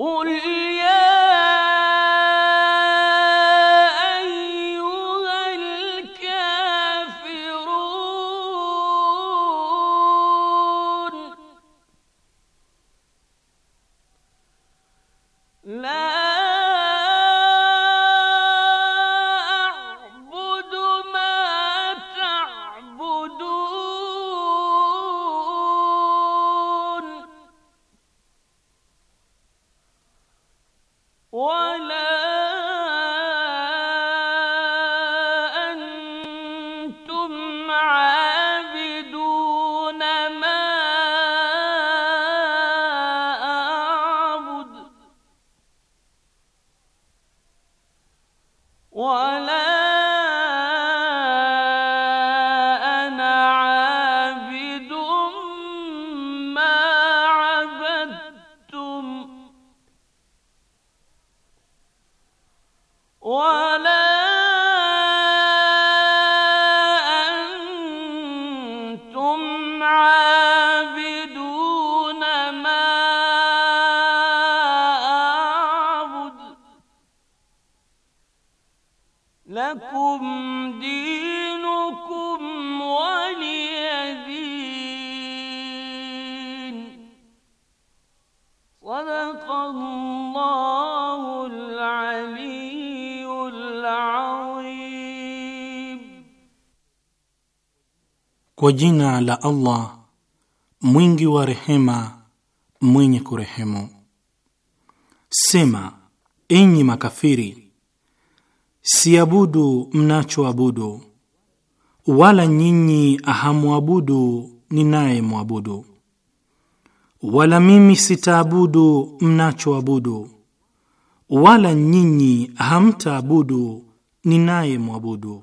قل jina la Allah mwingi wa rehema, mwenye kurehemu. Sema, enyi makafiri, siabudu mnachoabudu, wala nyinyi hamwabudu mwabudu wala mimi sitaabudu mnachoabudu, wala nyinyi hamtaabudu ninayemwabudu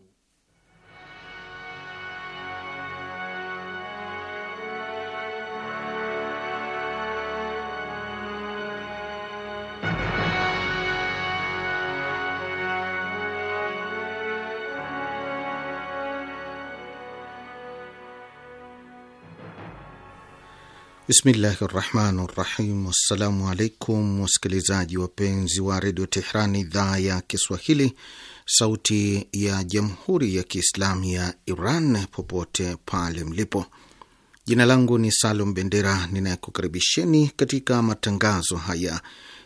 Bismillahi rahmani rahim. Wassalamu alaikum wasikilizaji wapenzi wa redio Tehran, idhaa ya Kiswahili, sauti ya jamhuri ya Kiislamu ya Iran, popote pale mlipo. Jina langu ni Salum Bendera ninayekukaribisheni katika matangazo haya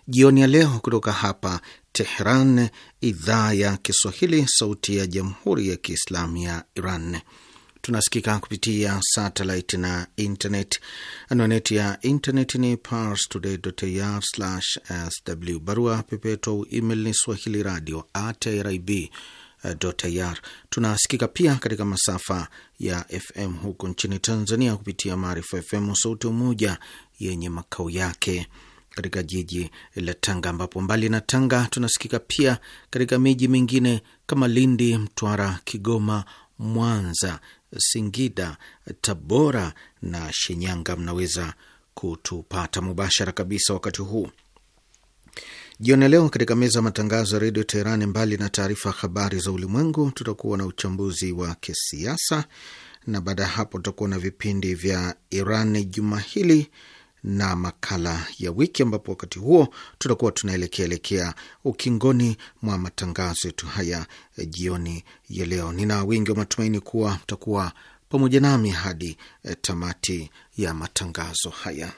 jioni ya leo kutoka hapa Tehran, idhaa ya Kiswahili, sauti ya jamhuri ya Kiislamu ya Iran. Tunasikika kupitia satellite na internet. Anwani ya internet ni parstoday.ir/sw, barua pepeto au email ni swahili radio at irib.ir. Tunasikika pia katika masafa ya FM huko nchini Tanzania kupitia Maarifa FM Sauti Umoja yenye makao yake katika jiji la Tanga, ambapo mbali na Tanga tunasikika pia katika miji mingine kama Lindi, Mtwara, Kigoma, Mwanza, Singida, Tabora na Shinyanga. Mnaweza kutupata mubashara kabisa wakati huu jioni leo katika meza ya matangazo ya redio Teherani. Mbali na taarifa ya habari za ulimwengu, tutakuwa na uchambuzi wa kisiasa na baada ya hapo tutakuwa na vipindi vya Iran juma hili na makala ya wiki, ambapo wakati huo tutakuwa tunaelekea elekea ukingoni mwa matangazo yetu haya jioni ya leo. Nina wingi wa matumaini kuwa mtakuwa pamoja nami hadi eh, tamati ya matangazo haya.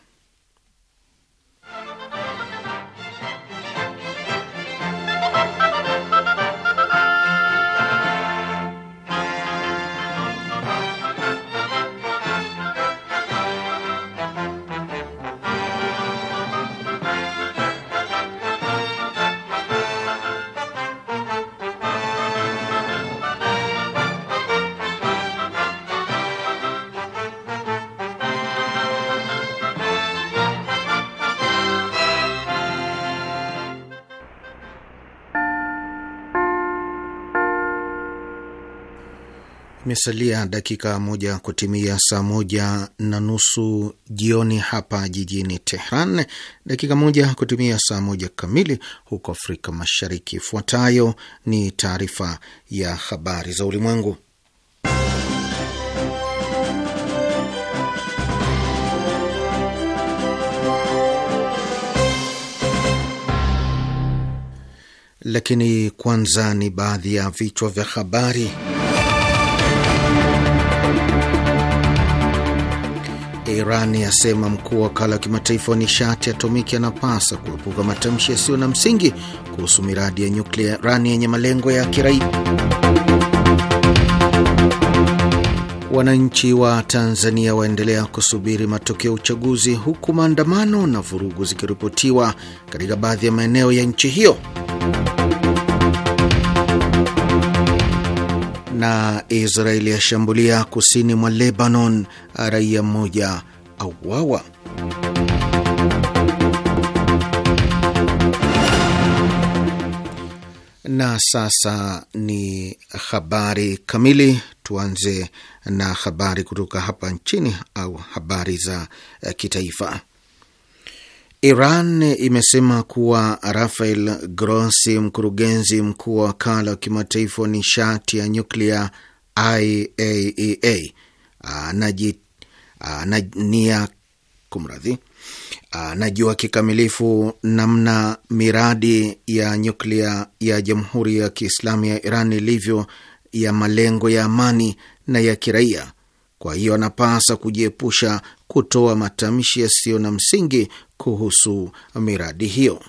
Imesalia dakika moja kutimia saa moja na nusu jioni hapa jijini Tehran, dakika moja kutimia saa moja kamili huko Afrika Mashariki. Ifuatayo ni taarifa ya habari za ulimwengu, lakini kwanza ni baadhi ya vichwa vya habari. iran yasema mkuu wa wakala wa kimataifa wa nishati atomiki anapasa kuepuka matamshi yasiyo na msingi kuhusu miradi ya nyuklia ya Irani yenye malengo ya kiraia. Wananchi wa Tanzania waendelea kusubiri matokeo ya uchaguzi huku maandamano na vurugu zikiripotiwa katika baadhi ya maeneo ya nchi hiyo. na Israeli yashambulia kusini mwa Lebanon, raia mmoja auawa. Na sasa ni habari kamili. Tuanze na habari kutoka hapa nchini au habari za kitaifa. Iran imesema kuwa Rafael Grossi, mkurugenzi mkuu wa wakala wa kimataifa wa nishati ya nyuklia IAEA, anajinia kumradhi, anajua kikamilifu namna miradi ya nyuklia ya Jamhuri ya Kiislamu ya Iran ilivyo ya malengo ya amani na ya kiraia. Kwa hiyo anapasa kujiepusha kutoa matamshi yasiyo na msingi kuhusu miradi hiyo.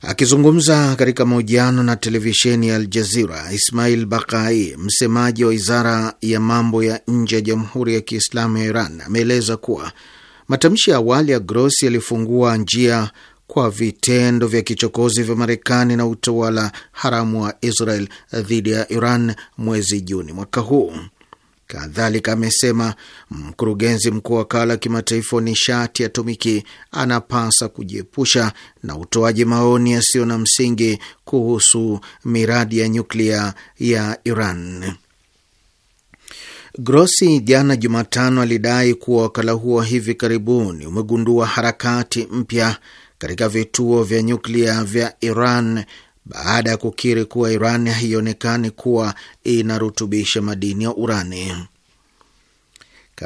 Akizungumza katika mahojiano na televisheni ya Aljazira, Ismail Bakai, msemaji wa wizara ya mambo ya nje ya Jamhuri ya Kiislamu ya Iran, ameeleza kuwa matamshi ya awali ya Grossi yalifungua njia kwa vitendo vya kichokozi vya Marekani na utawala haramu wa Israel dhidi ya Iran mwezi Juni mwaka huu. Kadhalika amesema mkurugenzi mkuu wa wakala wa kimataifa wa nishati ya atomiki anapasa kujiepusha na utoaji maoni yasiyo na msingi kuhusu miradi ya nyuklia ya Iran. Grossi jana Jumatano alidai kuwa wakala huo hivi karibuni umegundua harakati mpya katika vituo vya nyuklia vya Iran baada ya kukiri kuwa Iran haionekani kuwa inarutubisha madini ya urani.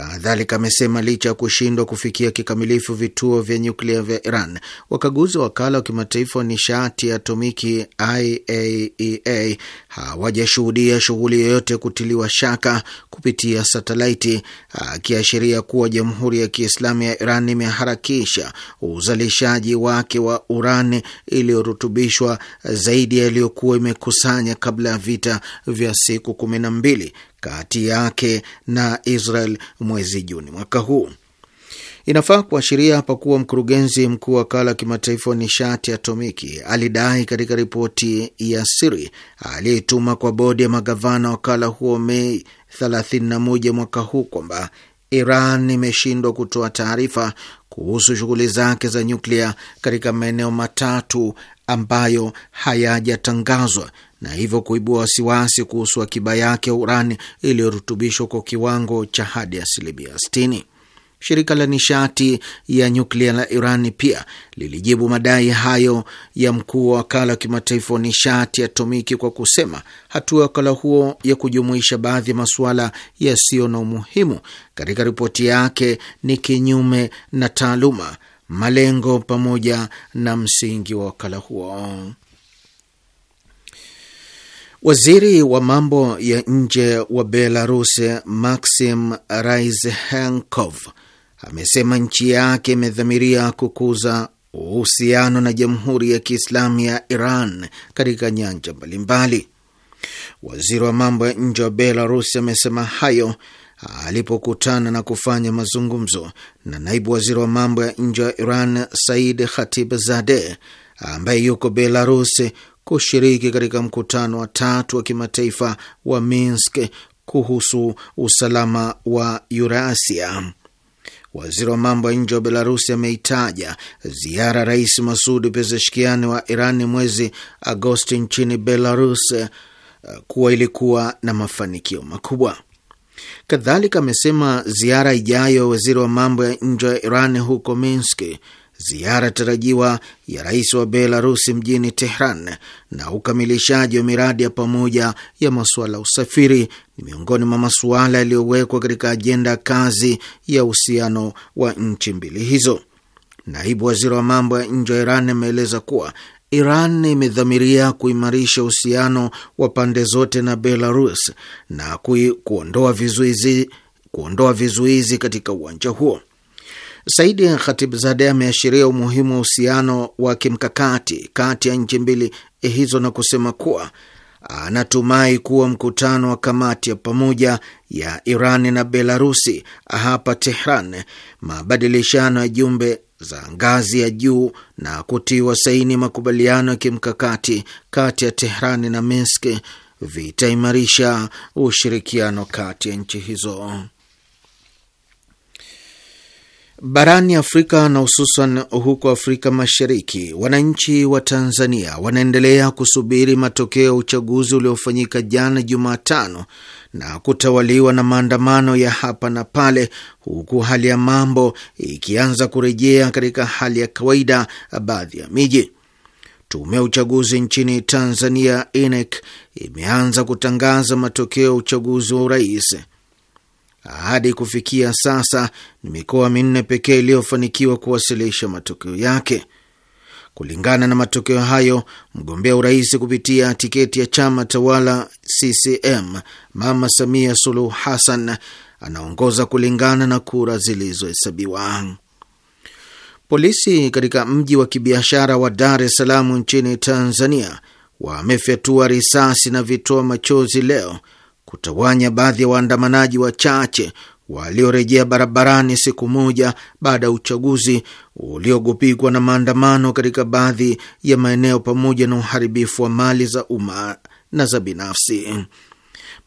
Kadhalika amesema licha ya kushindwa kufikia kikamilifu vituo vya nyuklia vya Iran, wakaguzi wa wakala wa kimataifa wa nishati ya atomiki IAEA e hawajashuhudia shughuli yoyote kutiliwa shaka kupitia satelaiti, akiashiria kuwa Jamhuri ya Kiislamu ya Iran imeharakisha uzalishaji wake wa urani iliyorutubishwa zaidi yaliyokuwa imekusanya kabla ya vita vya siku kumi na mbili kati yake na Israel mwezi Juni mwaka huu. Inafaa kuashiria hapa kuwa mkurugenzi mkuu wa wakala wa kimataifa wa nishati atomiki alidai katika ripoti ya siri aliyetuma kwa bodi ya magavana wakala huo Mei 31 mwaka huu kwamba Iran imeshindwa kutoa taarifa kuhusu shughuli zake za nyuklia katika maeneo matatu ambayo hayajatangazwa na hivyo kuibua wasiwasi kuhusu akiba yake ya urani iliyorutubishwa kwa kiwango cha hadi asilimia 60. Shirika la nishati ya nyuklia la Iran pia lilijibu madai hayo ya mkuu wa wakala wa kimataifa wa nishati atomiki kwa kusema hatua ya wakala huo ya kujumuisha baadhi ya masuala yasiyo na umuhimu katika ripoti yake ni kinyume na taaluma, malengo pamoja na msingi wa wakala huo. Waziri wa mambo ya nje wa Belarus Maxim Rizhenkov amesema nchi yake imedhamiria kukuza uhusiano na Jamhuri ya Kiislamu ya Iran katika nyanja mbalimbali. Waziri wa mambo ya nje wa Belarus amesema hayo alipokutana na kufanya mazungumzo na naibu waziri wa mambo ya nje wa Iran Said Khatib Zadeh ambaye yuko Belarus kushiriki katika mkutano wa tatu wa kimataifa wa Minsk kuhusu usalama wa Urasia. Waziri wa mambo ya nje wa Belarusi ameitaja ziara Rais Masud pezeshkiani wa Iran mwezi Agosti nchini Belarus eh, kuwa ilikuwa na mafanikio makubwa. Kadhalika amesema ziara ijayo ya waziri wa mambo ya nje wa Iran huko Minski ziara tarajiwa ya rais wa belarus mjini Tehran na ukamilishaji wa miradi ya pamoja ya masuala ya usafiri ni miongoni mwa masuala yaliyowekwa katika ajenda ya kazi ya uhusiano wa nchi mbili hizo. Naibu waziri wa mambo ya nje wa Iran ameeleza kuwa Iran imedhamiria kuimarisha uhusiano wa pande zote na Belarus na kuondoa vizuizi, kuondoa vizuizi katika uwanja huo. Saidi khatibzade ameashiria umuhimu wa uhusiano wa kimkakati kati ya nchi mbili eh, hizo na kusema kuwa anatumai kuwa mkutano wa kamati ya pamoja ya Iran na Belarusi hapa Tehran, mabadilishano ya jumbe za ngazi ya juu na kutiwa saini makubaliano ya kimkakati kati ya Tehran na Minsk vitaimarisha ushirikiano kati ya nchi hizo. Barani Afrika na hususan huko Afrika Mashariki, wananchi wa Tanzania wanaendelea kusubiri matokeo ya uchaguzi uliofanyika jana Jumatano na kutawaliwa na maandamano ya hapa na pale, huku hali ya mambo ikianza kurejea katika hali ya kawaida baadhi ya miji. Tume ya uchaguzi nchini Tanzania INEC imeanza kutangaza matokeo ya uchaguzi wa urais hadi kufikia sasa ni mikoa minne pekee iliyofanikiwa kuwasilisha matokeo yake. Kulingana na matokeo hayo, mgombea urais kupitia tiketi ya chama tawala CCM Mama Samia Suluhu Hassan anaongoza kulingana na kura zilizohesabiwa. Polisi katika mji wa kibiashara wa Dar es Salaam nchini Tanzania wamefyatua risasi na vitoa machozi leo kutawanya baadhi ya waandamanaji wachache waliorejea barabarani siku moja baada ya uchaguzi uliogopikwa na maandamano katika baadhi ya maeneo pamoja na uharibifu wa mali za umma na za binafsi.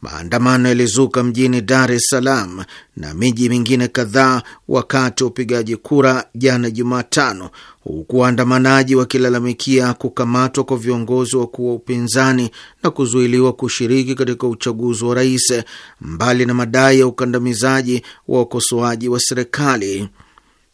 Maandamano yalizuka mjini Dar es Salaam na miji mingine kadhaa wakati wa upigaji kura jana Jumatano, huku waandamanaji wakilalamikia kukamatwa kwa viongozi wakuu wa upinzani na kuzuiliwa kushiriki katika uchaguzi wa rais, mbali na madai ya ukandamizaji wa ukosoaji wa serikali,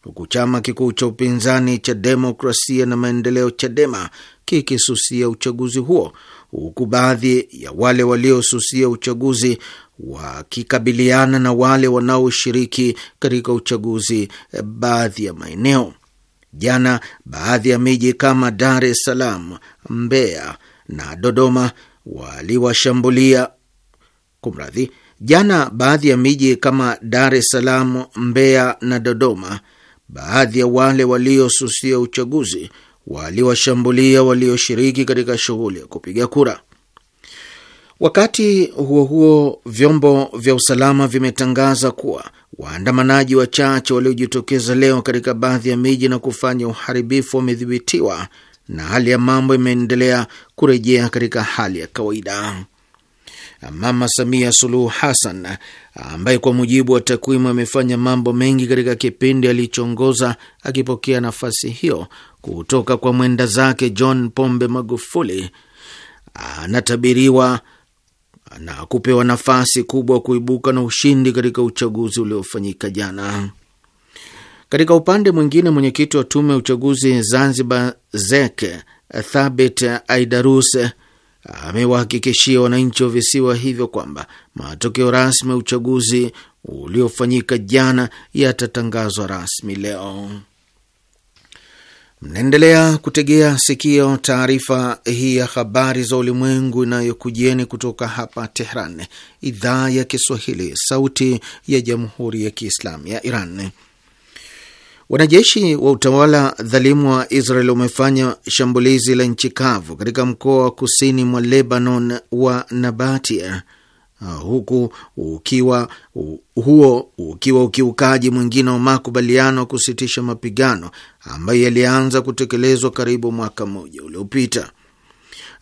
huku chama kikuu cha upinzani cha Demokrasia na Maendeleo, CHADEMA, kikisusia uchaguzi huo huku baadhi ya wale waliosusia uchaguzi wakikabiliana na wale wanaoshiriki katika uchaguzi eh, baadhi ya maeneo. Jana baadhi ya miji kama Dar es Salaam, Mbeya na Dodoma waliwashambulia kumradhi. Jana baadhi ya miji kama Dar es Salaam, Mbeya na Dodoma, baadhi ya wale waliosusia uchaguzi waliwashambulia walioshiriki katika shughuli ya kupiga kura. Wakati huo huo, vyombo vya usalama vimetangaza kuwa waandamanaji wachache waliojitokeza leo katika baadhi ya miji na kufanya uharibifu wamedhibitiwa na hali ya mambo imeendelea kurejea katika hali ya kawaida. Mama Samia Suluhu Hassan, ambaye kwa mujibu wa takwimu amefanya mambo mengi katika kipindi alichoongoza, akipokea nafasi hiyo kutoka kwa mwenda zake John Pombe Magufuli, anatabiriwa na kupewa nafasi kubwa kuibuka na ushindi katika uchaguzi uliofanyika jana. Katika upande mwingine, mwenyekiti wa tume ya uchaguzi Zanzibar ZEK Thabit Aidaruse amewahakikishia wananchi wa visiwa hivyo kwamba matokeo rasmi ya uchaguzi uliofanyika jana yatatangazwa rasmi leo. Mnaendelea kutegea sikio taarifa hii ya habari za ulimwengu inayokujieni kutoka hapa Tehran, idhaa ya Kiswahili, sauti ya jamhuri ya kiislamu ya Iran. Wanajeshi wa utawala dhalimu wa Israel wamefanya shambulizi la nchi kavu katika mkoa wa kusini mwa Lebanon wa Nabatia, uh, huku ukiwa huo ukiwa ukiukaji mwingine wa makubaliano kusitisha mapigano ambayo yalianza kutekelezwa karibu mwaka mmoja uliopita.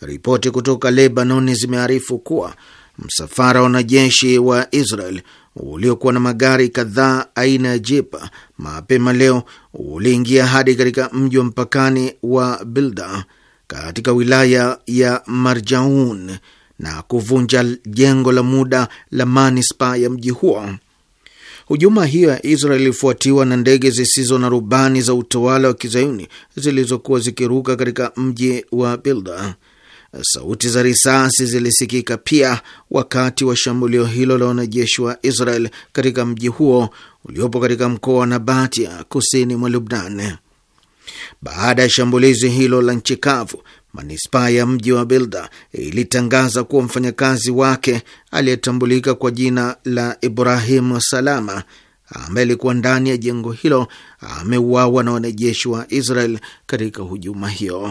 Ripoti kutoka Lebanon zimearifu kuwa msafara wa wanajeshi wa Israel uliokuwa na magari kadhaa aina ya Jeep mapema leo uliingia hadi katika mji wa mpakani wa Bilda katika wilaya ya Marjaun na kuvunja jengo la muda la manispa ya mji huo. Hujuma hiyo ya Israel ilifuatiwa na ndege zisizo na rubani za utawala wa kizayuni zilizokuwa zikiruka katika mji wa Bilda. Sauti za risasi zilisikika pia wakati wa shambulio hilo la wanajeshi wa Israel katika mji huo uliopo katika mkoa wa Nabatia kusini mwa Lubnan. Baada ya shambulizi hilo la nchi kavu, manispaa ya mji wa bilda ilitangaza kuwa mfanyakazi wake aliyetambulika kwa jina la Ibrahimu Salama ambaye alikuwa ndani ya jengo hilo ameuawa na wanajeshi wa Israel katika hujuma hiyo.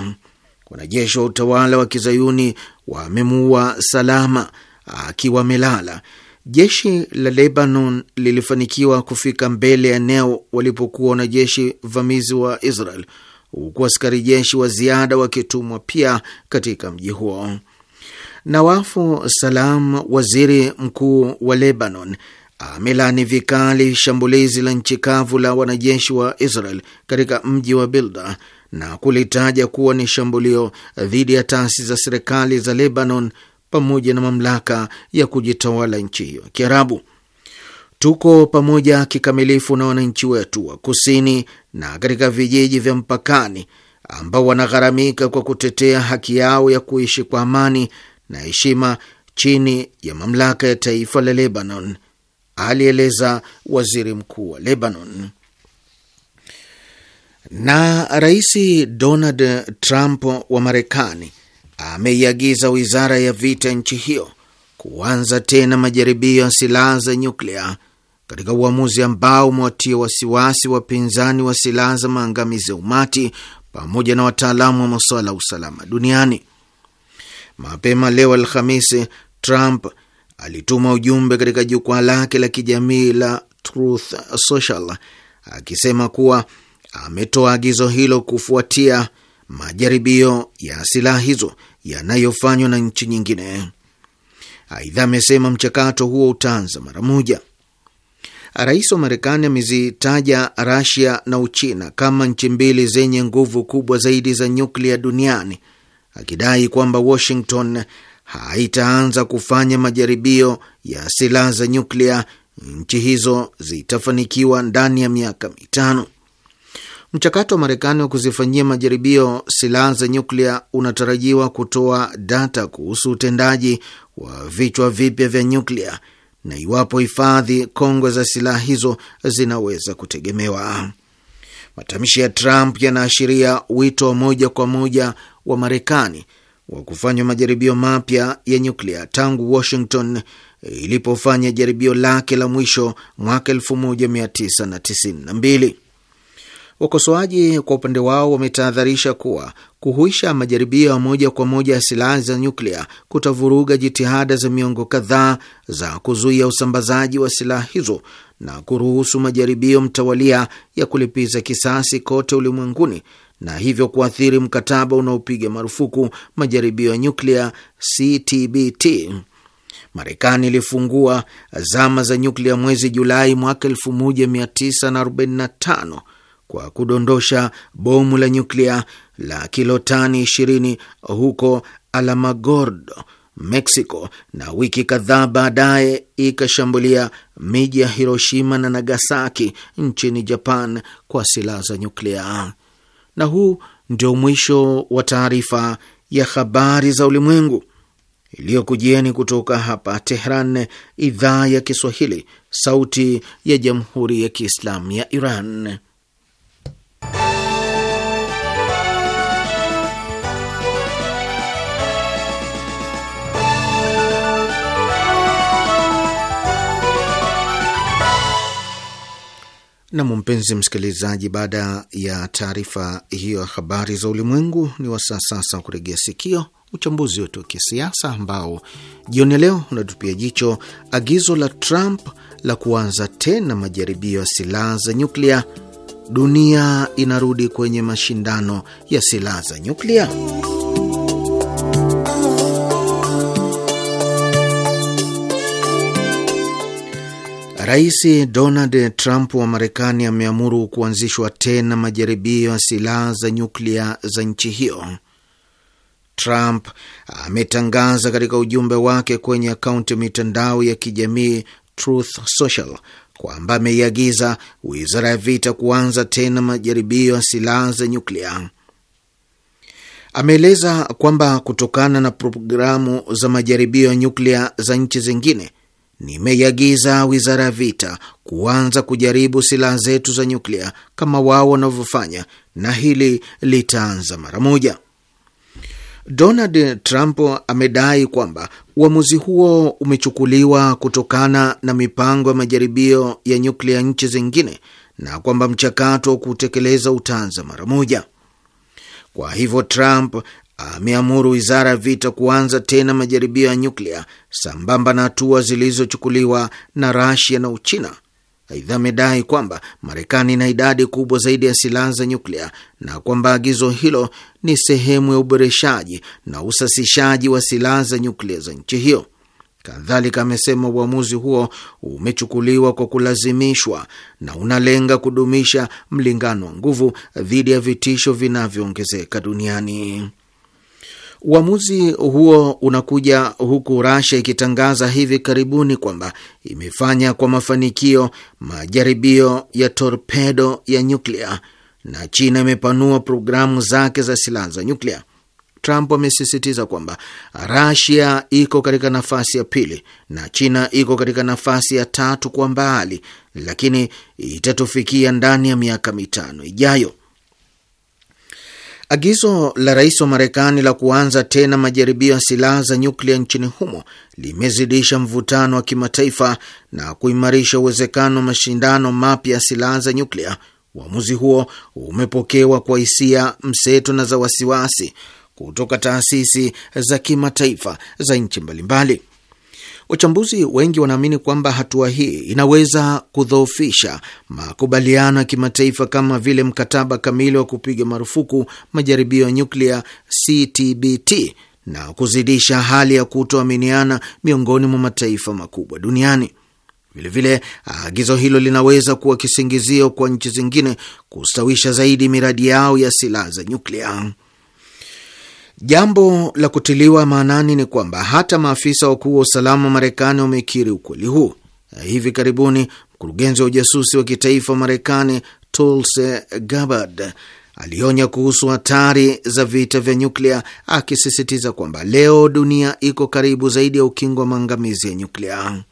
Wanajeshi wa utawala wa kizayuni wamemuua Salama akiwa amelala. Jeshi la Lebanon lilifanikiwa kufika mbele ya eneo walipokuwa wanajeshi vamizi wa Israel, huku askari jeshi wa ziada wakitumwa pia katika mji huo. Nawafu Salam, waziri mkuu wa Lebanon, amelani vikali shambulizi la nchi kavu la wanajeshi wa Israel katika mji wa Bilda na kulitaja kuwa ni shambulio dhidi ya taasisi za serikali za Lebanon pamoja na mamlaka ya kujitawala nchi hiyo ya Kiarabu. Tuko pamoja kikamilifu na wananchi wetu wa kusini na katika vijiji vya mpakani ambao wanagharamika kwa kutetea haki yao ya kuishi kwa amani na heshima chini ya mamlaka ya taifa la Lebanon, alieleza waziri mkuu wa Lebanon. Na Rais Donald Trump wa Marekani ameiagiza wizara ya vita nchi hiyo kuanza tena majaribio ya silaha za nyuklia katika uamuzi ambao umewatia wasiwasi wapinzani wa silaha za maangamizi ya umati pamoja na wataalamu wa masuala ya usalama duniani. Mapema leo Alhamisi, Trump alituma ujumbe katika jukwaa lake la kijamii la Truth Social akisema kuwa ametoa agizo hilo kufuatia majaribio ya silaha hizo yanayofanywa na nchi nyingine. Aidha, amesema mchakato huo utaanza mara moja. Rais wa Marekani amezitaja Rasia na Uchina kama nchi mbili zenye nguvu kubwa zaidi za nyuklia duniani, akidai kwamba Washington haitaanza kufanya majaribio ya silaha za nyuklia nchi hizo zitafanikiwa ndani ya miaka mitano. Mchakato wa Marekani wa kuzifanyia majaribio silaha za nyuklia unatarajiwa kutoa data kuhusu utendaji wa vichwa vipya vya nyuklia na iwapo hifadhi kongwe za silaha hizo zinaweza kutegemewa. Matamshi ya Trump yanaashiria wito wa moja kwa moja wa Marekani wa kufanywa majaribio mapya ya nyuklia tangu Washington ilipofanya jaribio lake la mwisho mwaka 1992. Wakosoaji kwa upande wao wametahadharisha kuwa kuhuisha majaribio ya moja kwa moja ya silaha za nyuklia kutavuruga jitihada za miongo kadhaa za kuzuia usambazaji wa silaha hizo na kuruhusu majaribio mtawalia ya kulipiza kisasi kote ulimwenguni na hivyo kuathiri mkataba unaopiga marufuku majaribio ya nyuklia CTBT. Marekani ilifungua zama za nyuklia mwezi Julai mwaka 1945 kwa kudondosha bomu la nyuklia la kilotani 20 huko alamagordo Mexico, na wiki kadhaa baadaye ikashambulia miji ya Hiroshima na Nagasaki nchini Japan kwa silaha za nyuklia. Na huu ndio mwisho wa taarifa ya habari za ulimwengu iliyokujieni kutoka hapa Tehran, idhaa ya Kiswahili, sauti ya jamhuri ya kiislamu ya Iran. Nam, mpenzi msikilizaji, baada ya taarifa hiyo ya habari za ulimwengu, ni wasaa sasa wa kuregea sikio uchambuzi wetu wa kisiasa ambao jioni ya leo unatupia jicho agizo la Trump la kuanza tena majaribio ya silaha za nyuklia. Dunia inarudi kwenye mashindano ya silaha za nyuklia. Rais Donald Trump wa Marekani ameamuru kuanzishwa tena majaribio ya silaha za nyuklia za nchi hiyo. Trump ametangaza katika ujumbe wake kwenye akaunti ya mitandao ya kijamii Truth Social kwamba ameiagiza wizara ya vita kuanza tena majaribio ya silaha za nyuklia. Ameeleza kwamba kutokana na programu za majaribio ya nyuklia za nchi zingine nimeiagiza wizara ya vita kuanza kujaribu silaha zetu za nyuklia kama wao wanavyofanya, na hili litaanza mara moja. Donald Trump amedai kwamba uamuzi huo umechukuliwa kutokana na mipango ya majaribio ya nyuklia nchi zingine na kwamba mchakato wa kutekeleza utaanza mara moja. Kwa hivyo Trump ameamuru wizara ya vita kuanza tena majaribio ya nyuklia sambamba na hatua zilizochukuliwa na Rasia na Uchina. Aidha, amedai kwamba Marekani ina idadi kubwa zaidi ya silaha za nyuklia na kwamba agizo hilo ni sehemu ya uboreshaji na usasishaji wa silaha za nyuklia za nchi hiyo. Kadhalika amesema uamuzi huo umechukuliwa kwa kulazimishwa na unalenga kudumisha mlingano wa nguvu dhidi ya vitisho vinavyoongezeka duniani. Uamuzi huo unakuja huku rasia ikitangaza hivi karibuni kwamba imefanya kwa mafanikio majaribio ya torpedo ya nyuklia na China imepanua programu zake za silaha za nyuklia. Trump amesisitiza kwamba rasia iko katika nafasi ya pili na China iko katika nafasi ya tatu kwa mbali, lakini itatufikia ndani ya miaka mitano ijayo. Agizo la rais wa Marekani la kuanza tena majaribio ya silaha za nyuklia nchini humo limezidisha mvutano wa kimataifa na kuimarisha uwezekano wa mashindano mapya ya silaha za nyuklia. Uamuzi huo umepokewa kwa hisia mseto na za wasiwasi kutoka taasisi za kimataifa za nchi mbalimbali. Wachambuzi wengi wanaamini kwamba hatua hii inaweza kudhoofisha makubaliano ya kimataifa kama vile mkataba kamili wa kupiga marufuku majaribio ya nyuklia CTBT na kuzidisha hali ya kutoaminiana miongoni mwa mataifa makubwa duniani. Vilevile, agizo hilo linaweza kuwa kisingizio kwa nchi zingine kustawisha zaidi miradi yao ya silaha za nyuklia. Jambo la kutiliwa maanani ni kwamba hata maafisa wakuu wa usalama wa Marekani wamekiri ukweli huu. Hivi karibuni mkurugenzi wa ujasusi wa kitaifa wa Marekani Tulsi Gabbard alionya kuhusu hatari za vita vya nyuklia, akisisitiza kwamba leo dunia iko karibu zaidi ya ukingo wa maangamizi ya nyuklia.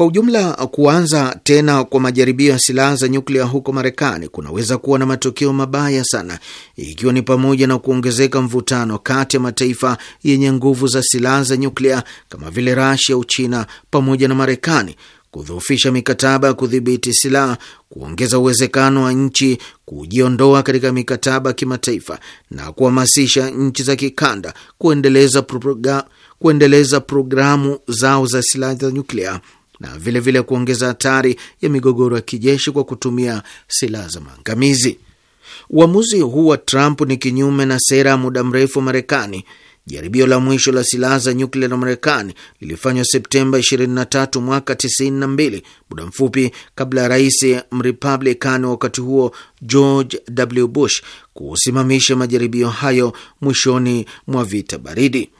Kwa ujumla, kuanza tena kwa majaribio ya silaha za nyuklia huko Marekani kunaweza kuwa na matokeo mabaya sana, ikiwa ni pamoja na kuongezeka mvutano kati ya mataifa yenye nguvu za silaha za nyuklia kama vile Rasia, Uchina pamoja na Marekani, kudhoofisha mikataba ya kudhibiti silaha, kuongeza uwezekano wa nchi kujiondoa katika mikataba ya kimataifa na kuhamasisha nchi za kikanda kuendeleza, kuendeleza programu zao za silaha za nyuklia na vilevile vile kuongeza hatari ya migogoro ya kijeshi kwa kutumia silaha za maangamizi. Uamuzi huu wa Trump ni kinyume na sera ya muda mrefu wa Marekani. Jaribio la mwisho la silaha za nyuklia na Marekani lilifanywa Septemba 23 mwaka 92, muda mfupi kabla ya rais mrepublican wa wakati huo George W. Bush kusimamisha majaribio hayo mwishoni mwa vita baridi.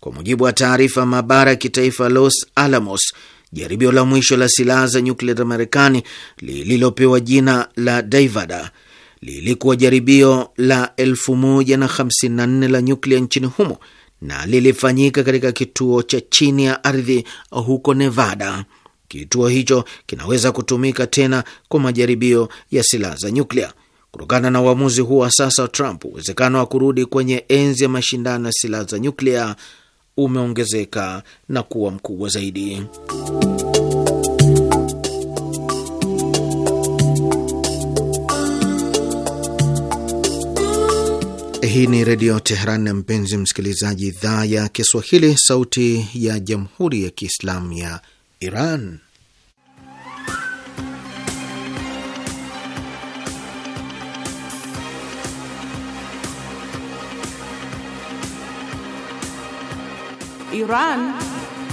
Kwa mujibu wa taarifa ya maabara ya kitaifa Los Alamos, Jaribio la mwisho la silaha za nyuklia za Marekani lililopewa jina la Daivada lilikuwa jaribio la 1054 la nyuklia nchini humo na lilifanyika katika kituo cha chini ya ardhi huko Nevada. Kituo hicho kinaweza kutumika tena kwa majaribio ya silaha za nyuklia. Kutokana na uamuzi huo wa sasa wa Trump, uwezekano wa kurudi kwenye enzi ya mashindano ya silaha za nyuklia umeongezeka na kuwa mkubwa zaidi. Hii ni Redio Teheran, na mpenzi msikilizaji, idhaa ya Kiswahili, sauti ya Jamhuri ya Kiislamu ya Iran. Iran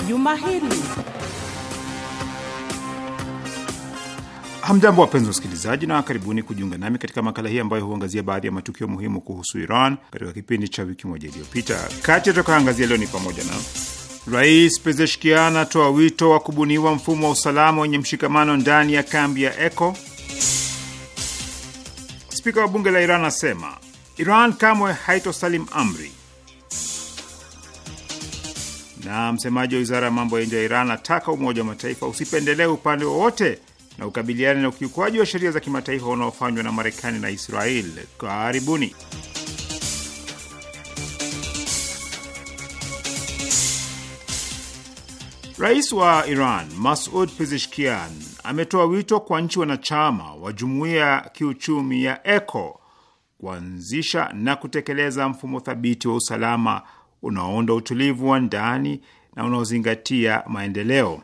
juma hili. Hamjambo, wapenzi wasikilizaji, na karibuni kujiunga nami katika makala hii ambayo huangazia baadhi ya matukio muhimu kuhusu Iran katika kipindi cha wiki moja iliyopita. Kati ya tutakayoangazia leo ni pamoja na Rais Pezeshkian atoa wito wa kubuniwa mfumo wa usalama wenye mshikamano ndani ya kambi ya Eko. Spika wa bunge la Iran asema Iran kamwe haitosalim amri. Na msemaji wa wizara ya mambo ya nje ya Iran ataka Umoja wa Mataifa usipendelee upande wowote na ukabiliane na ukiukwaji wa sheria za kimataifa unaofanywa na Marekani na Israel. Karibuni. Rais wa Iran Masud Pezeshkian ametoa wito kwa nchi wanachama wa jumuiya ya kiuchumi ya ECO kuanzisha na kutekeleza mfumo thabiti wa usalama unaounda utulivu wa ndani na unaozingatia maendeleo.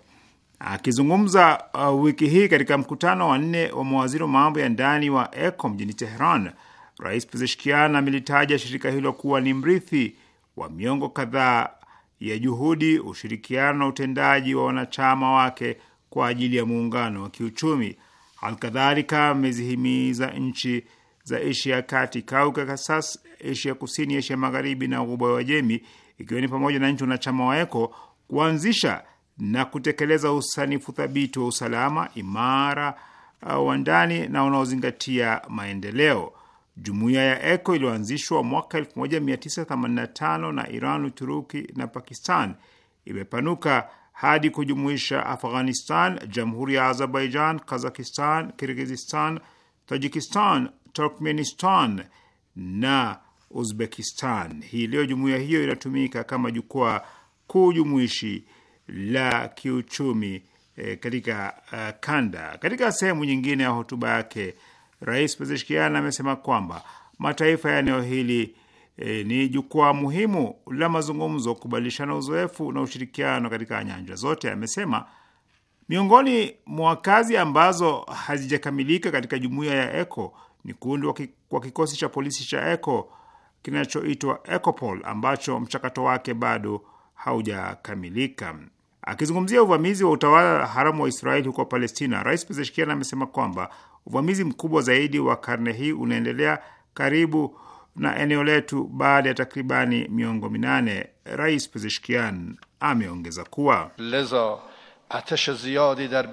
Akizungumza uh, wiki hii katika mkutano wa nne wa mawaziri wa mambo ya ndani wa ECO mjini Teheran, Rais Pezeshkian amelitaja shirika hilo kuwa ni mrithi wa miongo kadhaa ya juhudi, ushirikiano na utendaji wa wanachama wake kwa ajili ya muungano wa kiuchumi. Alkadhalika amezihimiza nchi za Asia ya Kati, Kaukasus, Asia Kusini, Asia Magharibi na Ghuba ya Uajemi, ikiwa ni pamoja na nchi wanachama wa ECO kuanzisha na kutekeleza usanifu thabiti wa usalama imara uh, wa ndani na unaozingatia maendeleo. Jumuiya ya ECO iliyoanzishwa mwaka 1985 na Iran, Uturuki na Pakistan imepanuka hadi kujumuisha Afghanistan, Jamhuri ya Azerbaijan, Kazakistan, Kirgizistan, Tajikistan, Turkmenistan na Uzbekistan. Hii leo jumuiya hiyo inatumika kama jukwaa kuu jumuishi la kiuchumi e, katika uh, kanda. Katika sehemu nyingine ya hotuba yake, Rais Pezeshkian amesema kwamba mataifa ya eneo hili e, ni jukwaa muhimu la mazungumzo, kubadilishana uzoefu na ushirikiano katika nyanja zote. Amesema miongoni mwa kazi ambazo hazijakamilika katika jumuiya ya ECO ni kuundwa kwa kikosi cha polisi cha ECO kinachoitwa ECOPOL ambacho mchakato wake bado haujakamilika. Akizungumzia uvamizi wa utawala haramu wa Israeli huko Palestina, Rais Pezeshkian amesema kwamba uvamizi mkubwa zaidi wa karne hii unaendelea karibu na eneo letu baada ya takribani miongo minane. Rais Pezeshkian ameongeza kuwa Leza, ziyadi dar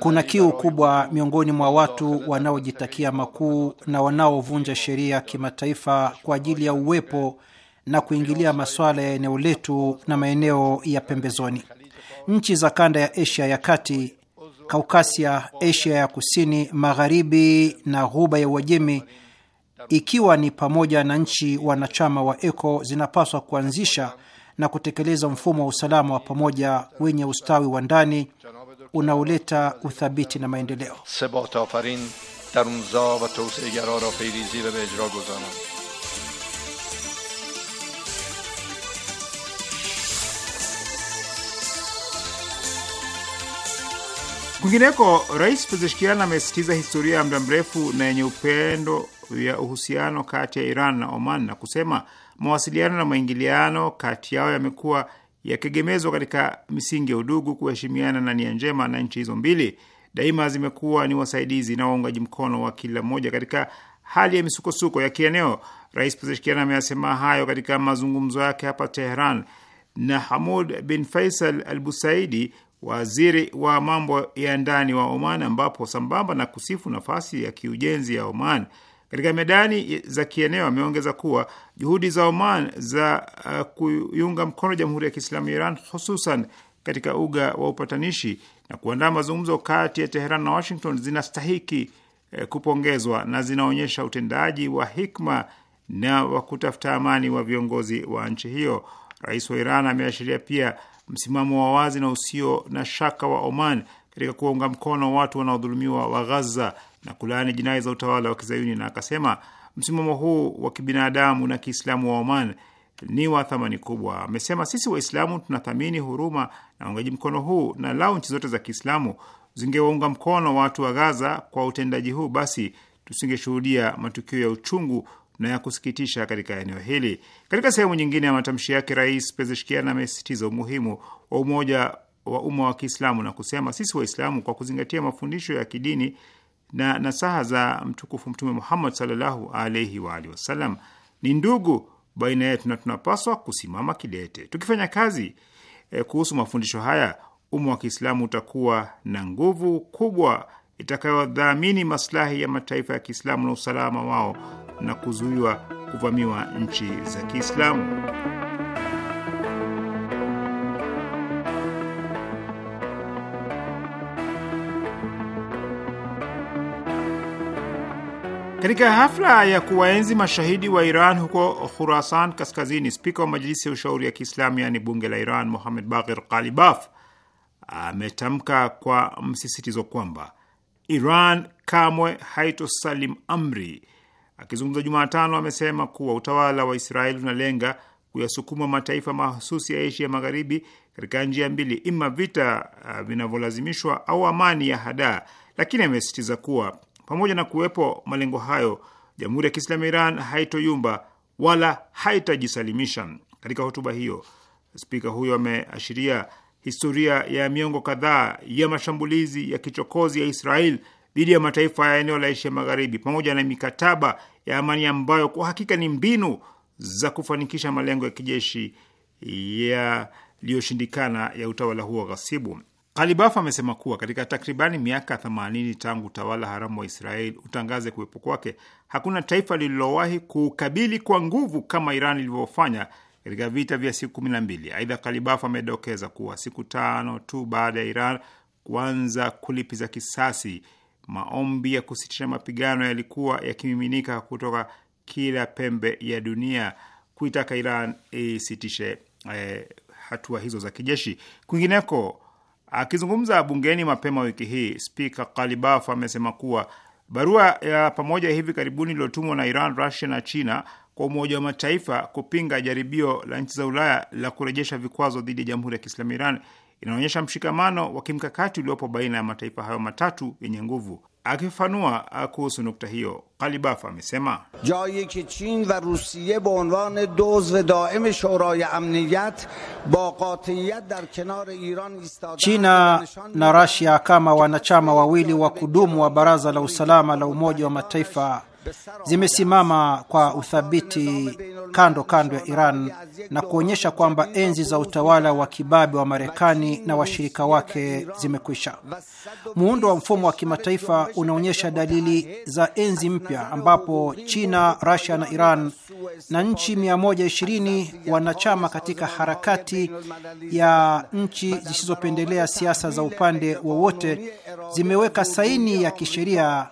kuna kiu kubwa miongoni mwa watu wanaojitakia makuu na wanaovunja sheria ya kimataifa kwa ajili ya uwepo na kuingilia masuala ya eneo letu na maeneo ya pembezoni. Nchi za kanda ya Asia ya kati, Kaukasia, Asia ya kusini magharibi na ghuba ya Uajemi, ikiwa ni pamoja na nchi wanachama wa ECO, zinapaswa kuanzisha na kutekeleza mfumo wa usalama wa pamoja wenye ustawi wa ndani unaoleta uthabiti na maendeleo. Kwingineko, Rais Pezeshkian amesitiza historia ya muda mrefu na yenye upendo ya uhusiano kati ya Iran na Oman na kusema mawasiliano na maingiliano kati yao yamekuwa yakiegemezwa katika misingi ya udugu, kuheshimiana na nia njema, na nchi hizo mbili daima zimekuwa ni wasaidizi na waungaji mkono wa kila mmoja katika hali ya misukosuko ya kieneo. Rais Pezeshkian ameyasema hayo katika mazungumzo yake hapa Teheran na Hamud bin Faisal al Busaidi, waziri wa mambo ya ndani wa Oman, ambapo sambamba na kusifu nafasi ya kiujenzi ya Oman katika medani za kieneo ameongeza kuwa juhudi za Oman za uh, kuiunga mkono Jamhuri ya Kiislamu ya Iran hususan katika uga wa upatanishi na kuandaa mazungumzo kati ya Teheran na Washington zinastahiki eh, kupongezwa na zinaonyesha utendaji wa hikma na wa kutafuta amani wa viongozi wa nchi hiyo. Rais wa Iran ameashiria pia msimamo wa wazi na usio na shaka wa Oman katika kuwaunga mkono watu wanaodhulumiwa wa Ghaza na kulaani jinai za utawala wa Kizayuni, na akasema Msimamo huu wa kibinadamu na Kiislamu wa Oman ni wa thamani kubwa. Amesema sisi Waislamu tunathamini huruma na uungaji mkono huu, na lau nchi zote za Kiislamu zingewaunga mkono watu wa Gaza kwa utendaji huu, basi tusingeshuhudia matukio ya uchungu na ya kusikitisha katika eneo hili. Katika sehemu nyingine ya matamshi yake, Rais Pezeshkian amesisitiza umuhimu wa umoja wa umma wa Kiislamu na kusema sisi Waislamu, kwa kuzingatia mafundisho ya kidini na nasaha za mtukufu Mtume Muhammad sallallahu alaihi wa alihi wasallam ni ndugu baina yetu na tunapaswa kusimama kidete. Tukifanya kazi e, kuhusu mafundisho haya, umma wa Kiislamu utakuwa na nguvu kubwa itakayodhamini maslahi ya mataifa ya Kiislamu na usalama wao na kuzuiwa kuvamiwa nchi za Kiislamu. Katika hafla ya kuwaenzi mashahidi wa Iran huko Khurasan Kaskazini, spika wa Majlisi ya Ushauri ya Kiislamu, yaani bunge la Iran, muhamed Baghir Kalibaf ametamka kwa msisitizo kwamba Iran kamwe haitosalim amri. Akizungumza Jumatano, amesema kuwa utawala wa Israeli unalenga kuyasukuma mataifa mahususi ya Asia Magharibi katika njia mbili, ima vita uh, vinavyolazimishwa au amani ya hadaa, lakini amesisitiza kuwa pamoja na kuwepo malengo hayo, Jamhuri ya Kiislamu ya Iran haitoyumba wala haitajisalimisha. Katika hotuba hiyo, spika huyo ameashiria historia ya miongo kadhaa ya mashambulizi ya kichokozi ya Israel dhidi ya mataifa ya eneo la Asia Magharibi, pamoja na mikataba ya amani ambayo kwa hakika ni mbinu za kufanikisha malengo ya kijeshi yaliyoshindikana ya utawala huo ghasibu. Alibaf amesema kuwa katika takribani miaka 80 tangu utawala haramu wa Israeli utangaze kuwepo kwake, hakuna taifa lililowahi kukabili kwa nguvu kama Iran ilivyofanya katika vita vya siku kumi na mbili. Aidha, Kalibaf amedokeza kuwa siku tano tu baada ya Iran kuanza kulipiza kisasi, maombi ya kusitisha mapigano yalikuwa yakimiminika kutoka kila pembe ya dunia kuitaka Iran isitishe eh, hatua hizo za kijeshi. Kwingineko, Akizungumza bungeni mapema wiki hii, spika Kalibaf amesema kuwa barua ya pamoja hivi karibuni iliyotumwa na Iran, Rusia na China kwa Umoja wa Mataifa kupinga jaribio la nchi za Ulaya la kurejesha vikwazo dhidi ya Jamhuri ya Kiislamu Iran inaonyesha mshikamano wa kimkakati uliopo baina ya mataifa hayo matatu yenye nguvu. Akifafanua ah, kuhusu nukta hiyo, Kalibaf amesema jai ke chin va rusiye be unvan dozve daim shuraye amniyat ba qatiyat dar kenar iran istada, China na Rasia kama wanachama wawili wa kudumu wa Baraza la Usalama la Umoja wa Mataifa zimesimama kwa uthabiti kando kando ya Iran na kuonyesha kwamba enzi za utawala wa kibabe wa Marekani na washirika wake zimekwisha. Muundo wa mfumo wa kimataifa unaonyesha dalili za enzi mpya ambapo China, rasia na Iran na nchi 120 wanachama katika harakati ya nchi zisizopendelea siasa za upande wowote zimeweka saini ya kisheria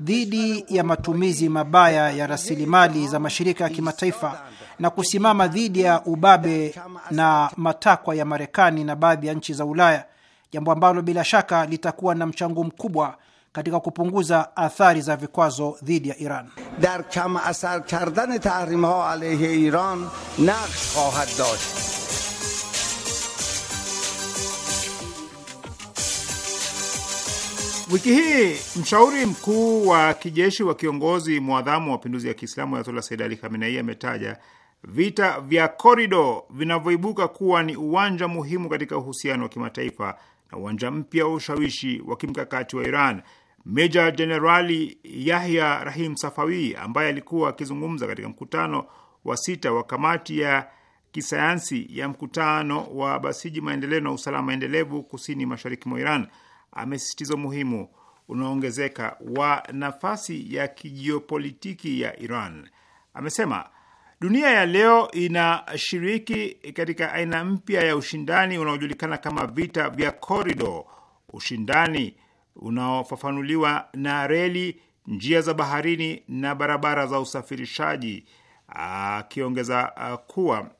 dhidi ya matumizi mabaya ya rasilimali za mashirika ya kimataifa na kusimama dhidi ya ubabe na matakwa ya Marekani na baadhi ya nchi za Ulaya, jambo ambalo bila shaka litakuwa na mchango mkubwa katika kupunguza athari za vikwazo dhidi ya Iran. dar kam asar kardan tahrimha alayhe iran naqsh khohad dasht Wiki hii mshauri mkuu wa kijeshi wa kiongozi mwadhamu wa mapinduzi ya Kiislamu Ayatollah Said Ali Khamenei ametaja vita vya korido vinavyoibuka kuwa ni uwanja muhimu katika uhusiano wa kimataifa na uwanja mpya wa ushawishi wa kimkakati wa Iran. Meja Jenerali Yahya Rahim Safawi ambaye alikuwa akizungumza katika mkutano wa sita wa kamati ya kisayansi ya mkutano wa Basiji maendeleo na usalama endelevu kusini mashariki mwa Iran amesisitiza umuhimu unaoongezeka wa nafasi ya kijiopolitiki ya Iran. Amesema dunia ya leo inashiriki katika aina mpya ya ushindani unaojulikana kama vita vya korido, ushindani unaofafanuliwa na reli, njia za baharini na barabara za usafirishaji, akiongeza kuwa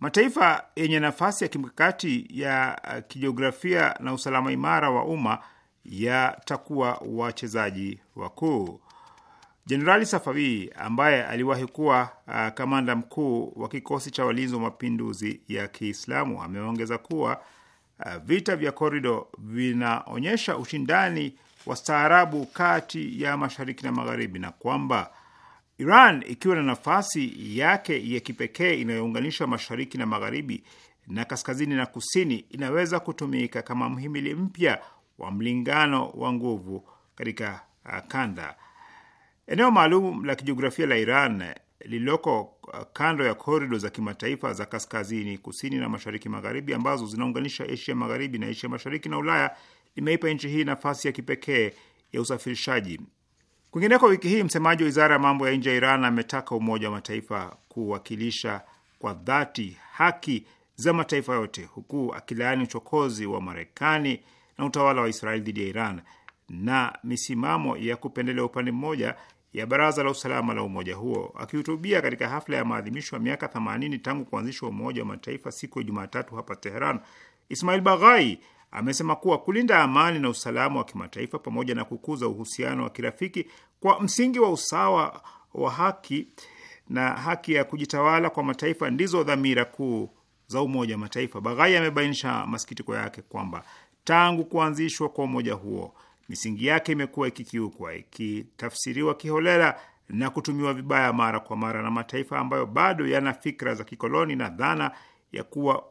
Mataifa yenye nafasi ya kimkakati ya uh, kijiografia na usalama imara wa umma yatakuwa wachezaji wakuu. Jenerali Safawi ambaye aliwahi kuwa uh, kamanda mkuu wa kikosi cha walinzi wa mapinduzi ya Kiislamu ameongeza kuwa uh, vita vya korido vinaonyesha ushindani wa staarabu kati ya mashariki na magharibi na kwamba Iran ikiwa na nafasi yake ya kipekee inayounganisha mashariki na magharibi na kaskazini na kusini, inaweza kutumika kama mhimili mpya wa mlingano wa nguvu katika uh, kanda. Eneo maalum la kijiografia la Iran lililoko uh, kando ya korido za kimataifa za kaskazini, kusini na mashariki magharibi, ambazo zinaunganisha Asia magharibi na Asia mashariki na Ulaya, limeipa nchi hii nafasi ya kipekee ya usafirishaji Kwingineko, wiki hii msemaji wa wizara ya mambo ya nje ya Iran ametaka Umoja wa Mataifa kuwakilisha kwa dhati haki za mataifa yote, huku akilaani uchokozi wa Marekani na utawala wa Israeli dhidi ya Iran na misimamo ya kupendelea upande mmoja ya Baraza la Usalama la umoja huo. Akihutubia katika hafla ya maadhimisho ya miaka 80 tangu kuanzishwa Umoja wa Mataifa siku ya Jumatatu hapa Teheran, Ismail Baghai amesema kuwa kulinda amani na usalama wa kimataifa pamoja na kukuza uhusiano wa kirafiki kwa msingi wa usawa wa haki na haki ya kujitawala kwa mataifa ndizo dhamira kuu za Umoja wa Mataifa. Baghai amebainisha masikitiko yake kwamba tangu kuanzishwa kwa umoja huo misingi yake imekuwa ikikiukwa, ikitafsiriwa kiholela na kutumiwa vibaya mara kwa mara na mataifa ambayo bado yana fikra za kikoloni na dhana ya kuwa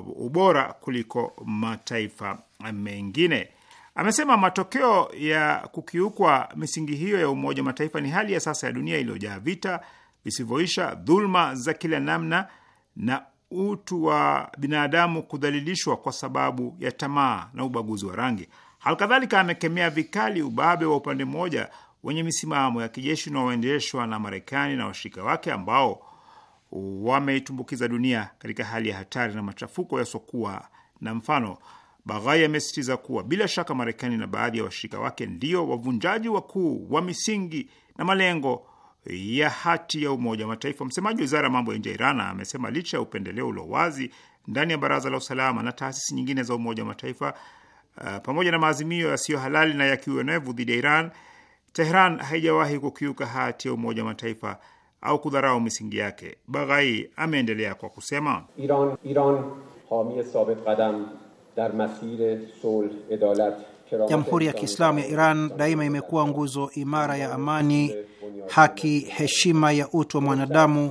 ubora kuliko mataifa mengine. Amesema matokeo ya kukiukwa misingi hiyo ya Umoja wa Mataifa ni hali ya sasa ya dunia iliyojaa vita visivyoisha, dhuluma za kila namna na utu wa binadamu kudhalilishwa kwa sababu ya tamaa na ubaguzi wa rangi. Halikadhalika, amekemea vikali ubabe wa upande mmoja wenye misimamo ya kijeshi unaoendeshwa na Marekani na washirika wake ambao wameitumbukiza dunia katika hali ya hatari na machafuko yasokuwa na mfano. Baghai amesisitiza kuwa bila shaka Marekani na baadhi ya washirika wake ndio wavunjaji wakuu wa misingi na malengo ya hati ya Umoja wa Mataifa. Msemaji wa wizara ya mambo ya nje ya Iran amesema licha ya upendeleo ulio wazi ndani ya Baraza la Usalama na taasisi nyingine za Umoja wa Mataifa, uh, pamoja na maazimio yasiyo halali na ya kiuonevu dhidi ya Iran, Tehran haijawahi kukiuka hati ya Umoja wa Mataifa au kudharau misingi yake. Baghai ameendelea kwa kusema Iran, Iran, hami sabit qadam dar masir sulh edalat Jamhuri ya Kiislamu ya Iran daima imekuwa nguzo imara ya amani, haki, heshima ya utu wa mwanadamu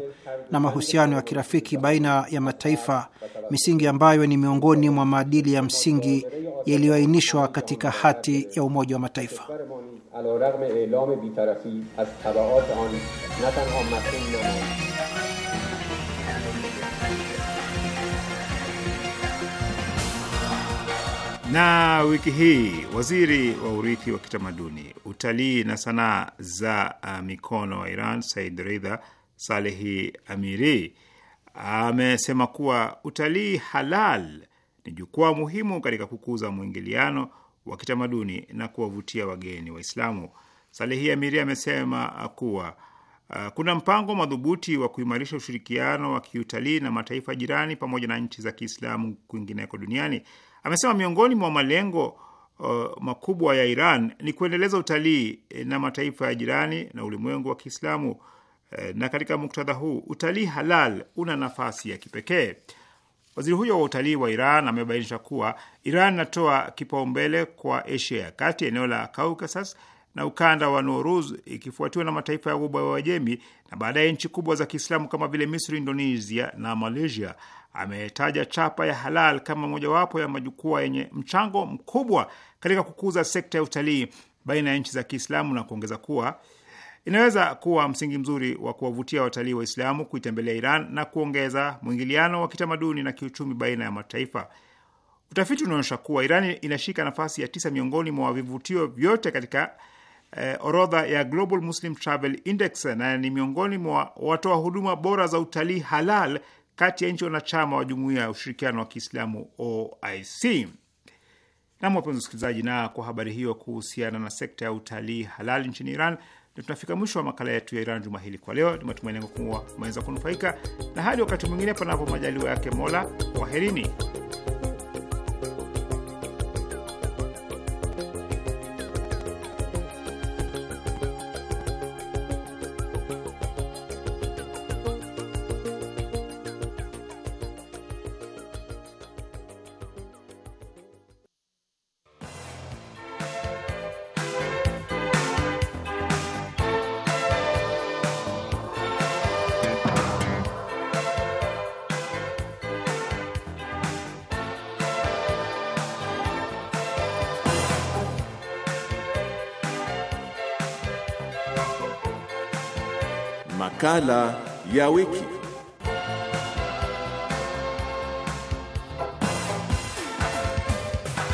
na mahusiano ya kirafiki baina ya mataifa, misingi ambayo ni miongoni mwa maadili ya msingi yaliyoainishwa katika hati ya Umoja wa Mataifa. Na wiki hii waziri wa urithi wa kitamaduni, utalii na sanaa za uh, mikono wa Iran, Said Reidha Salehi Amiri, amesema kuwa utalii halal ni jukwaa muhimu katika kukuza mwingiliano wa kitamaduni na kuwavutia wageni Waislamu. Salehi Amiri amesema kuwa uh, kuna mpango madhubuti wa kuimarisha ushirikiano wa kiutalii na mataifa jirani pamoja na nchi za Kiislamu kwingineko duniani. Amesema miongoni mwa malengo uh, makubwa ya Iran ni kuendeleza utalii e, na mataifa ya jirani na ulimwengu wa Kiislamu. E, na katika muktadha huu utalii halal una nafasi ya kipekee. Waziri huyo wa utalii wa Iran amebainisha kuwa Iran inatoa kipaumbele kwa Asia ya kati, eneo la Caucasus na ukanda wa Noruz ikifuatiwa na mataifa ya Ghuba ya Uajemi na baadaye nchi kubwa za Kiislamu kama vile Misri, Indonesia na Malaysia. Ametaja chapa ya Halal kama mojawapo ya majukwaa yenye mchango mkubwa katika kukuza sekta ya utalii baina ya nchi za Kiislamu na kuongeza kuwa inaweza kuwa msingi mzuri wa kuwavutia watalii Waislamu kuitembelea Iran na kuongeza mwingiliano wa kitamaduni na kiuchumi baina ya mataifa. Utafiti unaonyesha kuwa Iran inashika nafasi ya tisa miongoni mwa vivutio vyote katika eh, orodha ya Global Muslim Travel Index na ni miongoni mwa watoa huduma bora za utalii halal kati ya nchi wanachama wa Jumuiya ya Ushirikiano wa Kiislamu OIC. Nam, wapenzi wasikilizaji, na kwa habari hiyo kuhusiana na sekta ya utalii halal nchini Iran, ndio tunafika mwisho wa makala yetu ya Iran juma hili. Kwa leo, ni matumaini yangu kuwa umeweza kunufaika, na hadi wakati mwingine, panapo majaliwa yake Mola, waherini. makala ya wiki.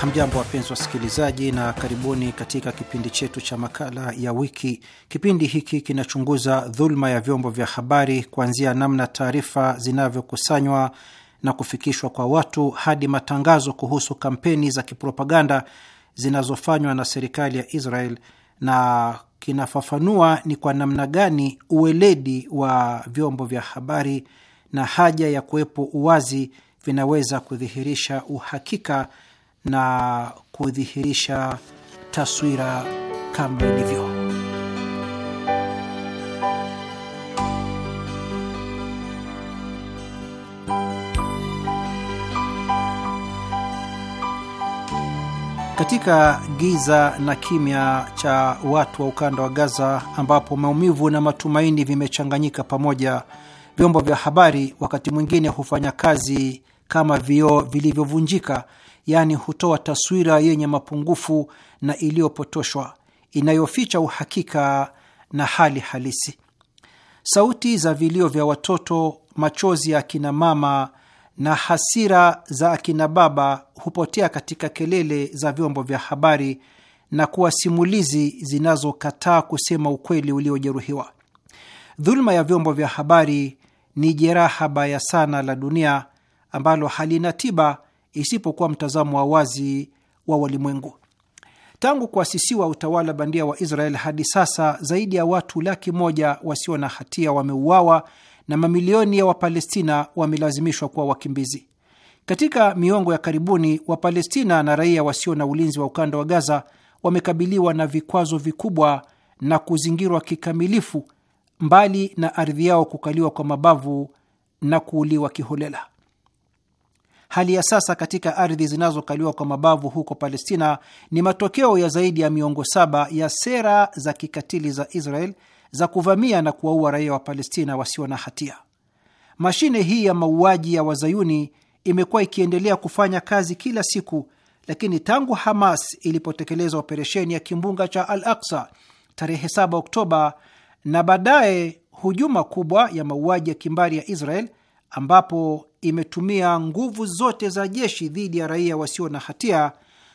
Hamjambo, wapenzi wasikilizaji, na karibuni katika kipindi chetu cha makala ya wiki. Kipindi hiki kinachunguza dhuluma ya vyombo vya habari, kuanzia namna taarifa zinavyokusanywa na kufikishwa kwa watu hadi matangazo kuhusu kampeni za kipropaganda zinazofanywa na serikali ya Israel na kinafafanua ni kwa namna gani uweledi wa vyombo vya habari na haja ya kuwepo uwazi vinaweza kudhihirisha uhakika na kudhihirisha taswira kama ilivyo. Katika giza na kimya cha watu wa ukanda wa Gaza, ambapo maumivu na matumaini vimechanganyika pamoja, vyombo vya habari wakati mwingine hufanya kazi kama vioo vilivyovunjika, yaani hutoa taswira yenye mapungufu na iliyopotoshwa inayoficha uhakika na hali halisi. Sauti za vilio vya watoto, machozi ya kina mama na hasira za akina baba hupotea katika kelele za vyombo vya habari na kuwa simulizi zinazokataa kusema ukweli uliojeruhiwa. Dhuluma ya vyombo vya habari ni jeraha baya sana la dunia ambalo halina tiba isipokuwa mtazamo wa wazi wa walimwengu. Tangu kuasisiwa utawala bandia wa Israel hadi sasa, zaidi ya watu laki moja wasio na hatia wameuawa na mamilioni ya Wapalestina wamelazimishwa kuwa wakimbizi. Katika miongo ya karibuni, Wapalestina na raia wasio na ulinzi wa ukanda wa Gaza wamekabiliwa na vikwazo vikubwa na kuzingirwa kikamilifu, mbali na ardhi yao kukaliwa kwa mabavu na kuuliwa kiholela. Hali ya sasa katika ardhi zinazokaliwa kwa mabavu huko Palestina ni matokeo ya zaidi ya miongo saba ya sera za kikatili za Israel za kuvamia na kuwaua raia wa Palestina wasio na hatia. Mashine hii ya mauaji ya wazayuni imekuwa ikiendelea kufanya kazi kila siku, lakini tangu Hamas ilipotekeleza operesheni ya kimbunga cha Al Aksa tarehe 7 Oktoba na baadaye hujuma kubwa ya mauaji ya kimbari ya Israel ambapo imetumia nguvu zote za jeshi dhidi ya raia wasio na hatia,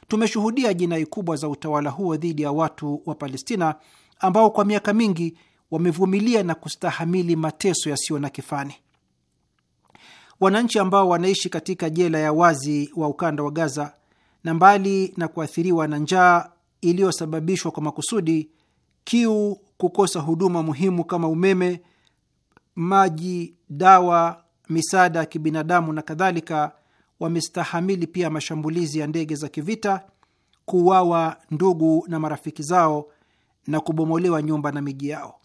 tumeshuhudia jinai kubwa za utawala huo dhidi ya watu wa Palestina ambao kwa miaka mingi wamevumilia na kustahamili mateso yasiyo na kifani. Wananchi ambao wanaishi katika jela ya wazi wa ukanda wa Gaza, na mbali na kuathiriwa na njaa iliyosababishwa kwa makusudi, kiu, kukosa huduma muhimu kama umeme, maji, dawa, misaada ya kibinadamu na kadhalika, wamestahamili pia mashambulizi ya ndege za kivita, kuuawa ndugu na marafiki zao na kubomolewa nyumba na miji yao.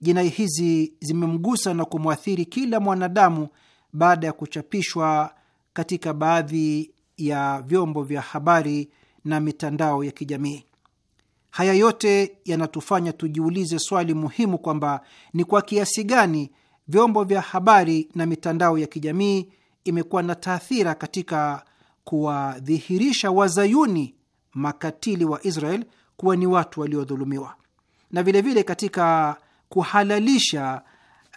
Jinai hizi zimemgusa na kumwathiri kila mwanadamu baada ya kuchapishwa katika baadhi ya vyombo vya habari na mitandao ya kijamii. Haya yote yanatufanya tujiulize swali muhimu kwamba ni kwa kiasi gani vyombo vya habari na mitandao ya kijamii imekuwa na taathira katika kuwadhihirisha wazayuni makatili wa Israel kuwa ni watu waliodhulumiwa, na vilevile vile katika kuhalalisha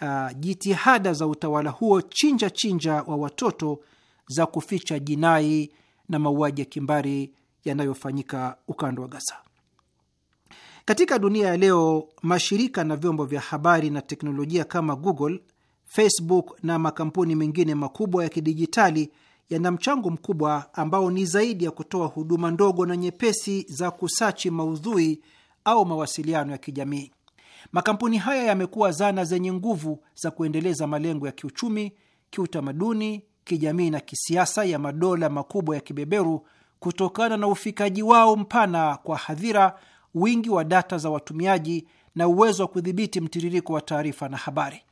uh, jitihada za utawala huo chinja chinja wa watoto za kuficha jinai na mauaji ya kimbari yanayofanyika ukanda wa Gaza. Katika dunia ya leo, mashirika na vyombo vya habari na teknolojia kama Google, Facebook na makampuni mengine makubwa ya kidijitali yana mchango mkubwa ambao ni zaidi ya kutoa huduma ndogo na nyepesi za kusachi maudhui au mawasiliano ya kijamii. Makampuni haya yamekuwa zana zenye nguvu za kuendeleza malengo ya kiuchumi, kiutamaduni, kijamii na kisiasa ya madola makubwa ya kibeberu kutokana na ufikaji wao mpana kwa hadhira, wingi wa data za watumiaji na uwezo wa kudhibiti mtiririko wa taarifa na habari.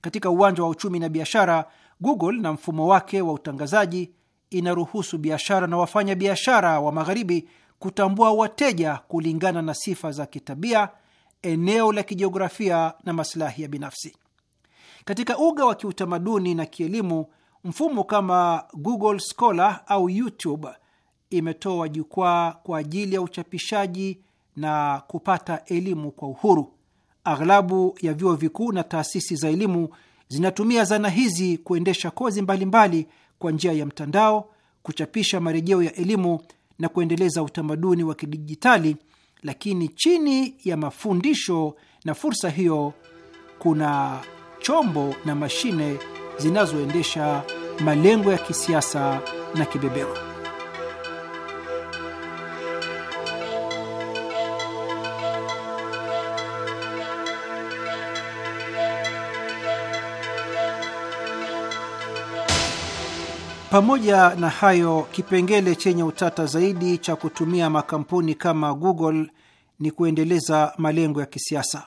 Katika uwanja wa uchumi na biashara, Google na mfumo wake wa utangazaji inaruhusu biashara na wafanya biashara wa magharibi kutambua wateja kulingana na sifa za kitabia, eneo la kijiografia na masilahi ya binafsi. Katika uga wa kiutamaduni na kielimu, mfumo kama Google Scholar au YouTube imetoa jukwaa kwa ajili ya uchapishaji na kupata elimu kwa uhuru. Aghlabu ya vyuo vikuu na taasisi za elimu zinatumia zana hizi kuendesha kozi mbalimbali kwa njia ya mtandao, kuchapisha marejeo ya elimu na kuendeleza utamaduni wa kidijitali, lakini chini ya mafundisho na fursa hiyo kuna chombo na mashine zinazoendesha malengo ya kisiasa na kibebeo Pamoja na hayo, kipengele chenye utata zaidi cha kutumia makampuni kama Google ni kuendeleza malengo ya kisiasa.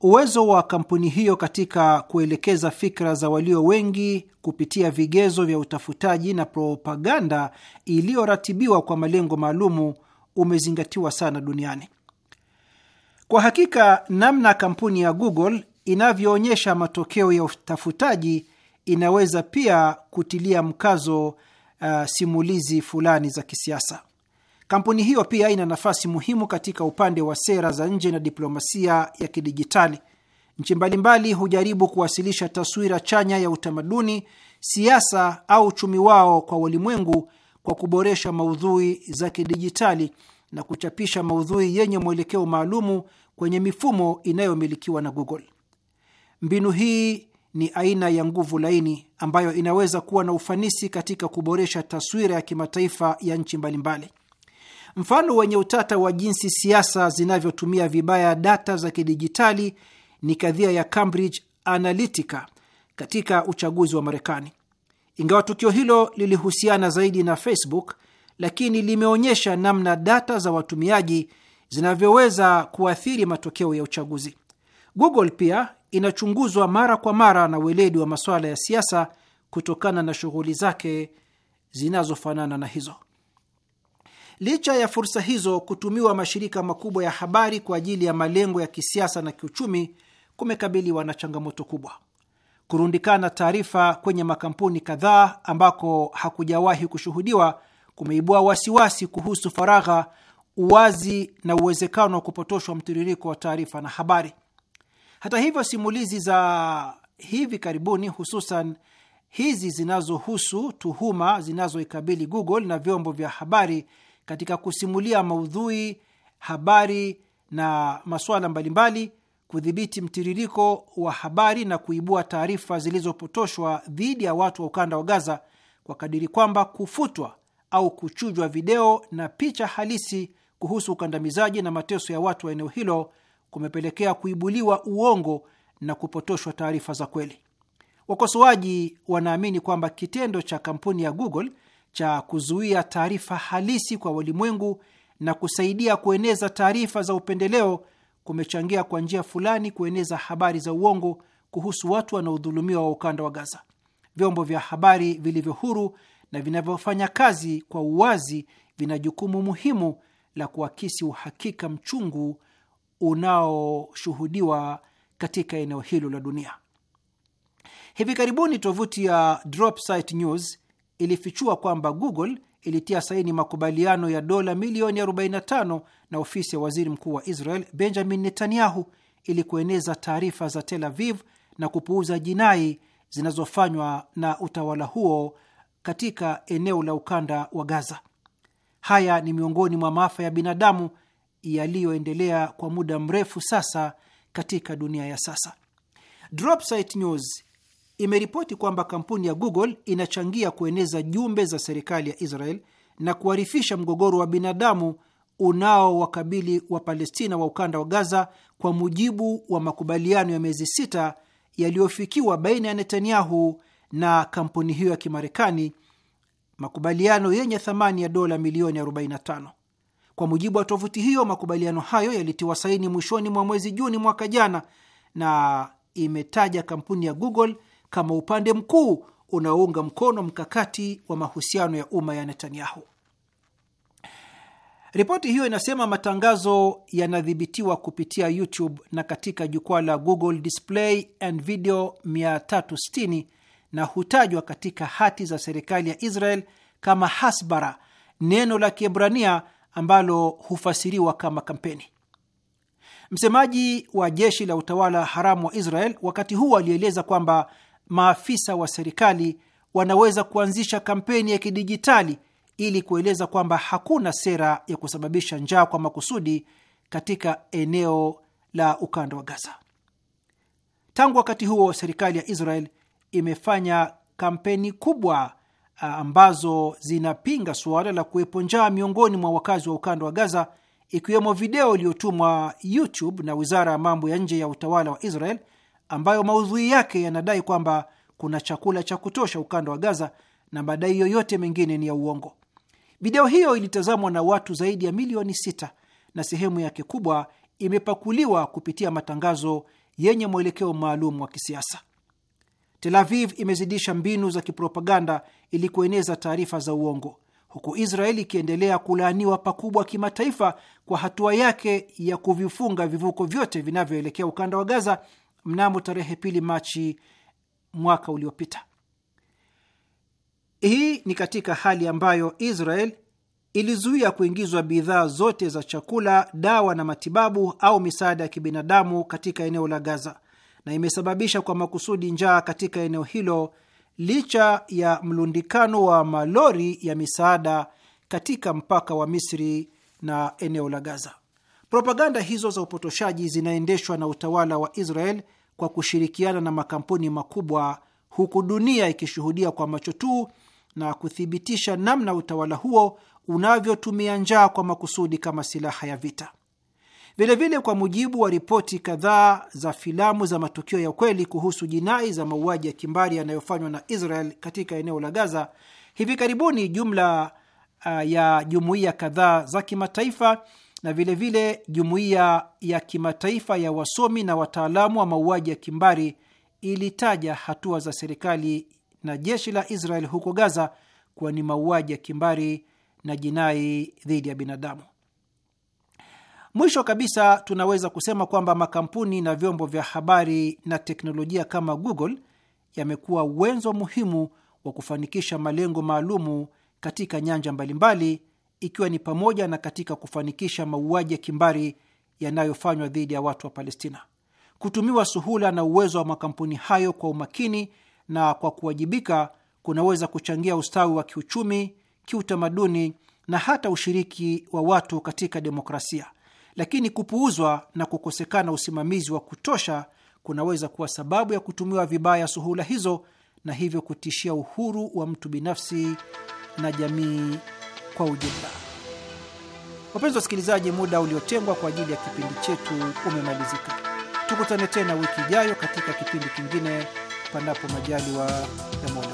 Uwezo wa kampuni hiyo katika kuelekeza fikra za walio wengi kupitia vigezo vya utafutaji na propaganda iliyoratibiwa kwa malengo maalumu umezingatiwa sana duniani. Kwa hakika, namna kampuni ya Google inavyoonyesha matokeo ya utafutaji inaweza pia kutilia mkazo uh, simulizi fulani za kisiasa. Kampuni hiyo pia ina nafasi muhimu katika upande wa sera za nje na diplomasia ya kidijitali. Nchi mbalimbali hujaribu kuwasilisha taswira chanya ya utamaduni, siasa au uchumi wao kwa walimwengu kwa kuboresha maudhui za kidijitali na kuchapisha maudhui yenye mwelekeo maalumu kwenye mifumo inayomilikiwa na Google. Mbinu hii ni aina ya nguvu laini ambayo inaweza kuwa na ufanisi katika kuboresha taswira ya kimataifa ya nchi mbalimbali. Mfano wenye utata wa jinsi siasa zinavyotumia vibaya data za kidijitali ni kadhia ya Cambridge Analytica katika uchaguzi wa Marekani. Ingawa tukio hilo lilihusiana zaidi na Facebook, lakini limeonyesha namna data za watumiaji zinavyoweza kuathiri matokeo ya uchaguzi. Google pia inachunguzwa mara kwa mara na weledi wa masuala ya siasa kutokana na shughuli zake zinazofanana na hizo. Licha ya fursa hizo kutumiwa mashirika makubwa ya habari kwa ajili ya malengo ya kisiasa na kiuchumi, kumekabiliwa na changamoto kubwa: kurundikana taarifa kwenye makampuni kadhaa ambako hakujawahi kushuhudiwa kumeibua wasiwasi kuhusu faragha, uwazi na uwezekano wa kupotoshwa mtiririko wa taarifa na habari. Hata hivyo, simulizi za hivi karibuni, hususan hizi zinazohusu tuhuma zinazoikabili Google na vyombo vya habari katika kusimulia maudhui, habari na masuala mbalimbali, kudhibiti mtiririko wa habari na kuibua taarifa zilizopotoshwa dhidi ya watu wa ukanda wa Gaza, kwa kadiri kwamba kufutwa au kuchujwa video na picha halisi kuhusu ukandamizaji na mateso ya watu wa eneo hilo kumepelekea kuibuliwa uongo na kupotoshwa taarifa za kweli. Wakosoaji wanaamini kwamba kitendo cha kampuni ya Google cha kuzuia taarifa halisi kwa walimwengu na kusaidia kueneza taarifa za upendeleo kumechangia kwa njia fulani kueneza habari za uongo kuhusu watu wanaodhulumiwa wa ukanda wa Gaza. Vyombo vya habari vilivyo huru na vinavyofanya kazi kwa uwazi vina jukumu muhimu la kuakisi uhakika mchungu unaoshuhudiwa katika eneo hilo la dunia. Hivi karibuni tovuti ya Dropsite News ilifichua kwamba Google ilitia saini makubaliano ya dola milioni 45 na ofisi ya waziri mkuu wa Israel Benjamin Netanyahu ili kueneza taarifa za Tel Aviv na kupuuza jinai zinazofanywa na utawala huo katika eneo la ukanda wa Gaza. Haya ni miongoni mwa maafa ya binadamu yaliyoendelea kwa muda mrefu sasa katika dunia ya sasa. Dropsite News imeripoti kwamba kampuni ya Google inachangia kueneza jumbe za serikali ya Israel na kuharifisha mgogoro wa binadamu unaowakabili Wapalestina wa ukanda wa Gaza, kwa mujibu wa makubaliano ya miezi sita yaliyofikiwa baina ya Netanyahu na kampuni hiyo ya Kimarekani, makubaliano yenye thamani ya dola milioni 45. Kwa mujibu wa tovuti hiyo, makubaliano hayo yalitiwa saini mwishoni mwa mwezi Juni mwaka jana, na imetaja kampuni ya Google kama upande mkuu unaounga mkono mkakati wa mahusiano ya umma ya Netanyahu. Ripoti hiyo inasema matangazo yanadhibitiwa kupitia YouTube na katika jukwaa la Google Display and Video 360 na hutajwa katika hati za serikali ya Israel kama hasbara, neno la Kiebrania ambalo hufasiriwa kama kampeni. Msemaji wa jeshi la utawala haramu wa Israel wakati huo alieleza kwamba maafisa wa serikali wanaweza kuanzisha kampeni ya kidijitali ili kueleza kwamba hakuna sera ya kusababisha njaa kwa makusudi katika eneo la ukanda wa Gaza. Tangu wakati huo serikali ya Israel imefanya kampeni kubwa ambazo zinapinga suala la kuwepo njaa miongoni mwa wakazi wa ukanda wa Gaza, ikiwemo video iliyotumwa YouTube na wizara ya mambo ya nje ya utawala wa Israel ambayo maudhui yake yanadai kwamba kuna chakula cha kutosha ukanda wa Gaza na madai yoyote mengine ni ya uongo. Video hiyo ilitazamwa na watu zaidi ya milioni sita na sehemu yake kubwa imepakuliwa kupitia matangazo yenye mwelekeo maalum wa kisiasa. Tel Aviv imezidisha mbinu za kipropaganda ili kueneza taarifa za uongo, huku israel ikiendelea kulaaniwa pakubwa kimataifa kwa hatua yake ya kuvifunga vivuko vyote vinavyoelekea ukanda wa Gaza mnamo tarehe pili Machi mwaka uliopita. Hii ni katika hali ambayo Israel ilizuia kuingizwa bidhaa zote za chakula, dawa na matibabu au misaada ya kibinadamu katika eneo la Gaza na imesababisha kwa makusudi njaa katika eneo hilo licha ya mlundikano wa malori ya misaada katika mpaka wa Misri na eneo la Gaza. Propaganda hizo za upotoshaji zinaendeshwa na utawala wa Israel kwa kushirikiana na makampuni makubwa, huku dunia ikishuhudia kwa macho tu na kuthibitisha namna utawala huo unavyotumia njaa kwa makusudi kama silaha ya vita. Vilevile, kwa mujibu wa ripoti kadhaa za filamu za matukio ya kweli kuhusu jinai za mauaji ya kimbari yanayofanywa na Israel katika eneo la Gaza, hivi karibuni jumla uh, ya jumuiya kadhaa za kimataifa na vilevile jumuiya ya kimataifa ya wasomi na wataalamu wa mauaji ya kimbari ilitaja hatua za serikali na jeshi la Israel huko Gaza kuwa ni mauaji ya kimbari na jinai dhidi ya binadamu. Mwisho kabisa, tunaweza kusema kwamba makampuni na vyombo vya habari na teknolojia kama Google yamekuwa wenzo muhimu wa kufanikisha malengo maalumu katika nyanja mbalimbali, ikiwa ni pamoja na katika kufanikisha mauaji ya kimbari yanayofanywa dhidi ya watu wa Palestina. Kutumiwa suhula na uwezo wa makampuni hayo kwa umakini na kwa kuwajibika kunaweza kuchangia ustawi wa kiuchumi, kiutamaduni na hata ushiriki wa watu katika demokrasia lakini kupuuzwa na kukosekana usimamizi wa kutosha kunaweza kuwa sababu ya kutumiwa vibaya suhula hizo na hivyo kutishia uhuru wa mtu binafsi na jamii kwa ujumla. Wapenzi wasikilizaji, muda uliotengwa kwa ajili ya kipindi chetu umemalizika. Tukutane tena wiki ijayo katika kipindi kingine, panapo majaliwa ya Mola.